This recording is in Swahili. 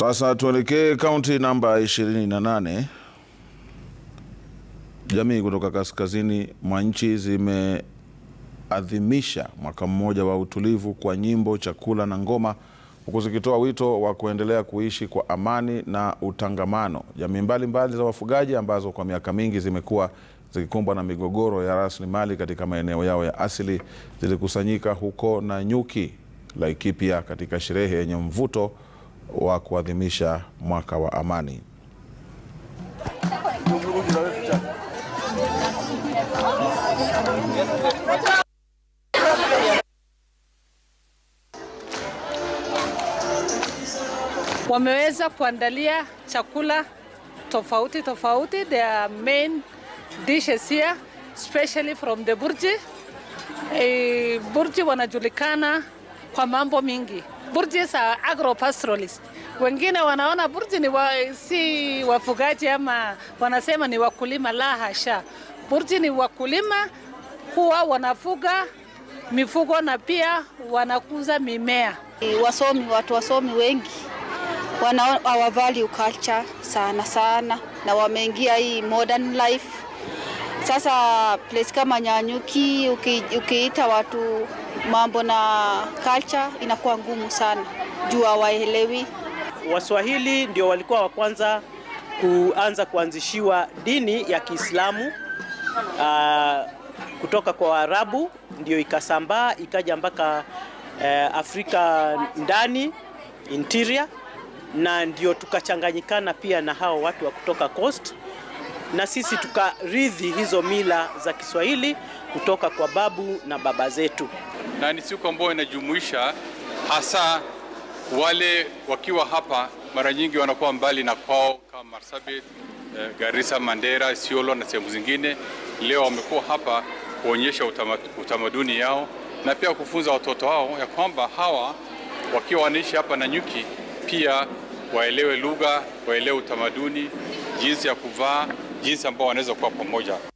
Sasa tuelekee kaunti namba 28. Jamii kutoka kaskazini mwa nchi zimeadhimisha mwaka mmoja wa utulivu kwa nyimbo, chakula na ngoma, huku zikitoa wito wa kuendelea kuishi kwa amani na utangamano. Jamii mbalimbali za wafugaji ambazo kwa miaka mingi zimekuwa zikikumbwa na migogoro ya rasilimali katika maeneo yao ya asili zilikusanyika huko Nanyuki, Laikipia katika sherehe yenye mvuto wa kuadhimisha mwaka wa amani. Wameweza kuandalia chakula tofauti tofauti, the main dishes here especially from the Burji. E, Burji wanajulikana kwa mambo mingi Burji za pastoralist Wengine wanaona Burji ni wa, si wafugaji ama wanasema ni wakulima. La hasha, Burji ni wakulima, huwa wanafuga mifugo na pia wanakuza mimea. Wasomi, watu wasomi wengi wanaona value culture sana sana, na wameingia hii modern life sasa place kama Nyanyuki ukiita watu mambo na culture inakuwa ngumu sana juu hawaelewi. Waswahili ndio walikuwa wa kwanza kuanza kuanzishiwa dini ya Kiislamu uh, kutoka kwa Waarabu ndio ikasambaa ikaja mpaka uh, Afrika ndani interior, na ndio tukachanganyikana pia na hao watu wa kutoka coast na sisi tukaridhi hizo mila za Kiswahili kutoka kwa babu na baba zetu, na ni siku ambayo inajumuisha hasa wale wakiwa hapa mara nyingi wanakuwa mbali na kwao kama Marsabit, eh, Garissa, Mandera, Isiolo na sehemu zingine. Leo wamekuwa hapa kuonyesha utamaduni yao na pia kufunza watoto wao ya kwamba hawa wakiwa wanaishi hapa na nyuki pia waelewe lugha, waelewe utamaduni, jinsi ya kuvaa jinsi ambao wanaweza kuwa pamoja.